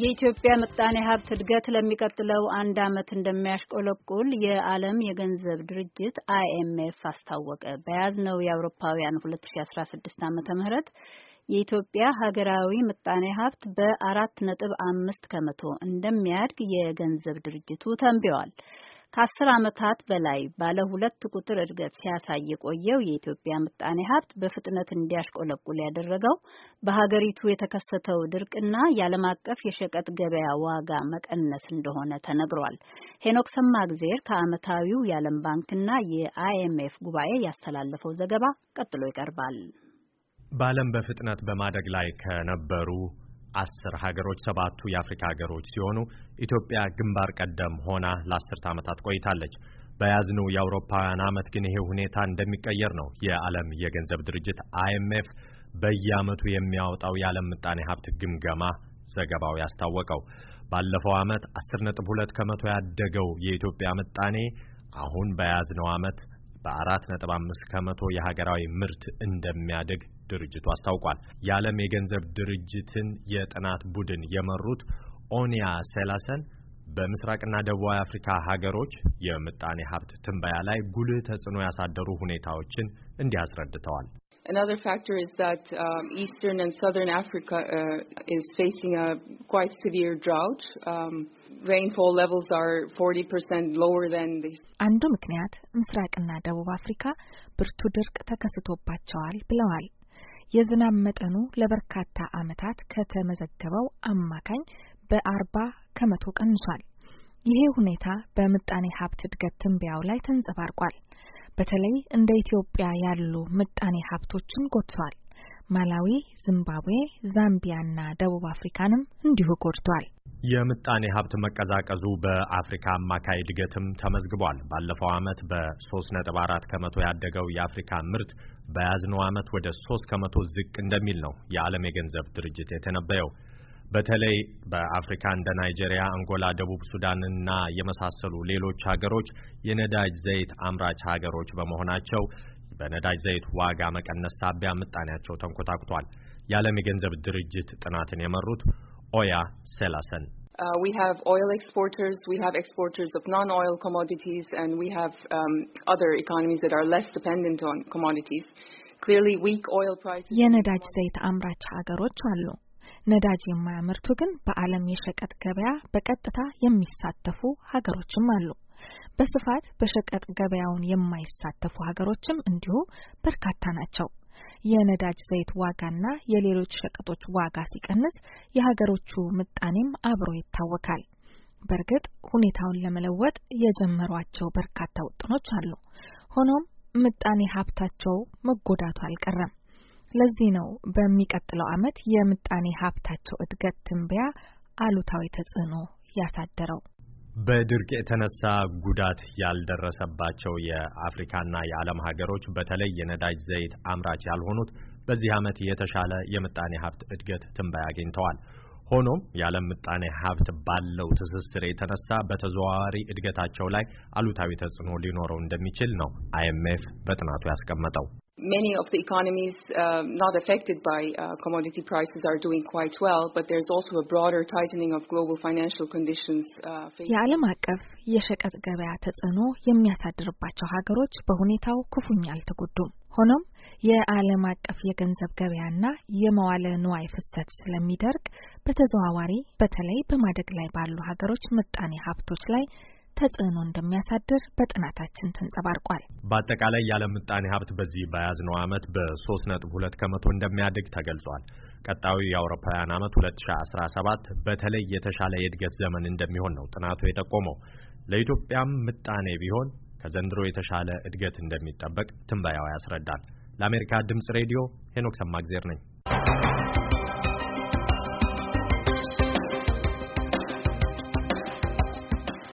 የኢትዮጵያ ምጣኔ ሀብት እድገት ለሚቀጥለው አንድ ዓመት እንደሚያሽቆለቁል የዓለም የገንዘብ ድርጅት አይኤምኤፍ አስታወቀ። በያዝነው የአውሮፓውያን 2016 ዓመተ ምህረት የኢትዮጵያ ሀገራዊ ምጣኔ ሀብት በአራት ነጥብ አምስት ከመቶ እንደሚያድግ የገንዘብ ድርጅቱ ተንብዋል። ከአስር ዓመታት በላይ ባለ ሁለት ቁጥር እድገት ሲያሳይ የቆየው የኢትዮጵያ ምጣኔ ሀብት በፍጥነት እንዲያሽቆለቁል ያደረገው በሀገሪቱ የተከሰተው ድርቅና የዓለም አቀፍ የሸቀጥ ገበያ ዋጋ መቀነስ እንደሆነ ተነግሯል። ሄኖክ ሰማእግዜር ከዓመታዊው የዓለም ባንክና የአይኤምኤፍ ጉባኤ ያስተላለፈው ዘገባ ቀጥሎ ይቀርባል። በዓለም በፍጥነት በማደግ ላይ ከነበሩ አስር ሀገሮች ሰባቱ የአፍሪካ ሀገሮች ሲሆኑ ኢትዮጵያ ግንባር ቀደም ሆና ለአስርተ ዓመታት ቆይታለች። በያዝኑ የአውሮፓውያን ዓመት ግን ይሄ ሁኔታ እንደሚቀየር ነው የዓለም የገንዘብ ድርጅት አይኤምኤፍ በየዓመቱ የሚያወጣው የዓለም ምጣኔ ሀብት ግምገማ ዘገባው ያስታወቀው። ባለፈው ዓመት 10.2 ከመቶ ያደገው የኢትዮጵያ ምጣኔ አሁን በያዝነው ዓመት በአራት ነጥብ አምስት ከመቶ የሀገራዊ ምርት እንደሚያድግ ድርጅቱ አስታውቋል። የዓለም የገንዘብ ድርጅትን የጥናት ቡድን የመሩት ኦኒያ ሴላሰን በምስራቅና ደቡባዊ አፍሪካ ሀገሮች የምጣኔ ሀብት ትንበያ ላይ ጉልህ ተጽዕኖ ያሳደሩ ሁኔታዎችን እንዲህ አስረድተዋል። Another factor is that um, Eastern and Southern Africa uh, is facing a quite severe drought. Um, rainfall levels are 40% lower than this. አንዱ ምክንያት ምስራቅና ደቡብ አፍሪካ ብርቱ ድርቅ ተከስቶባቸዋል ብለዋል። የዝናብ መጠኑ ለበርካታ ዓመታት ከተመዘገበው አማካኝ በአርባ ከመቶ ቀንሷል። ይሄ ሁኔታ በምጣኔ ሀብት እድገት ትንበያው ላይ ተንጸባርቋል። በተለይ እንደ ኢትዮጵያ ያሉ ምጣኔ ሀብቶችን ጎድቷል። ማላዊ፣ ዚምባብዌ፣ ዛምቢያና ደቡብ አፍሪካንም እንዲሁ ጎድቷል። የምጣኔ ሀብት መቀዛቀዙ በአፍሪካ አማካይ እድገትም ተመዝግቧል። ባለፈው ዓመት በ 34 ነጥብ ከመቶ ያደገው የአፍሪካ ምርት በያዝነው ዓመት ወደ 3 ከመቶ ዝቅ እንደሚል ነው የዓለም የገንዘብ ድርጅት የተነበየው። በተለይ በአፍሪካ እንደ ናይጄሪያ፣ አንጎላ፣ ደቡብ ሱዳንና የመሳሰሉ ሌሎች ሀገሮች የነዳጅ ዘይት አምራች ሀገሮች በመሆናቸው በነዳጅ ዘይት ዋጋ መቀነስ ሳቢያ ምጣኔያቸው ተንኮታኩቷል። የዓለም የገንዘብ ድርጅት ጥናትን የመሩት ኦያ ሴላሰን Uh, we have oil exporters, we have exporters of non-oil commodities, and we have um, other economies that are less dependent on commodities. Clearly, weak oil prices. የነዳጅ ዘይት አምራች ሀገሮች አሉ። ነዳጅ የማያመርቱ ግን በዓለም የሸቀጥ ገበያ በቀጥታ የሚሳተፉ ሀገሮችም አሉ። በስፋት በሸቀጥ ገበያውን የማይሳተፉ ሀገሮችም እንዲሁ በርካታ ናቸው። የነዳጅ ዘይት ዋጋና የሌሎች ሸቀጦች ዋጋ ሲቀንስ የሀገሮቹ ምጣኔም አብሮ ይታወካል። በእርግጥ ሁኔታውን ለመለወጥ የጀመሯቸው በርካታ ውጥኖች አሉ። ሆኖም ምጣኔ ሀብታቸው መጎዳቱ አልቀረም። ለዚህ ነው በሚቀጥለው ዓመት የምጣኔ ሀብታቸው እድገት ትንበያ አሉታዊ ተጽዕኖ ያሳደረው። በድርቅ የተነሳ ጉዳት ያልደረሰባቸው የአፍሪካና የዓለም ሀገሮች በተለይ የነዳጅ ዘይት አምራች ያልሆኑት በዚህ ዓመት የተሻለ የምጣኔ ሀብት እድገት ትንበያ አግኝተዋል። ሆኖም የዓለም ምጣኔ ሀብት ባለው ትስስር የተነሳ በተዘዋዋሪ እድገታቸው ላይ አሉታዊ ተጽዕኖ ሊኖረው እንደሚችል ነው አይኤምኤፍ በጥናቱ ያስቀመጠው። many of the economies uh, not affected by uh, commodity prices are doing quite well, but there's also a broader tightening of global financial conditions. Uh, የዓለም አቀፍ የሸቀጥ ገበያ ተጽዕኖ የሚያሳድርባቸው ሀገሮች በሁኔታው ክፉኛ አልተጎዱም። ሆኖም የዓለም አቀፍ የገንዘብ ገበያና የመዋለ ንዋይ ፍሰት ስለሚደርግ በተዘዋዋሪ በተለይ በማደግ ላይ ባሉ ሀገሮች ምጣኔ ሀብቶች ላይ ተጽዕኖ እንደሚያሳድር በጥናታችን ተንጸባርቋል። በአጠቃላይ ያለ ምጣኔ ሀብት በዚህ በያዝነው ዓመት በሶስት ነጥብ ሁለት ከመቶ እንደሚያድግ ተገልጿል። ቀጣዩ የአውሮፓውያን ዓመት 2017 በተለይ የተሻለ የእድገት ዘመን እንደሚሆን ነው ጥናቱ የጠቆመው። ለኢትዮጵያም ምጣኔ ቢሆን ከዘንድሮ የተሻለ እድገት እንደሚጠበቅ ትንበያው ያስረዳል። ለአሜሪካ ድምፅ ሬዲዮ ሄኖክ ሰማግዜር ነኝ።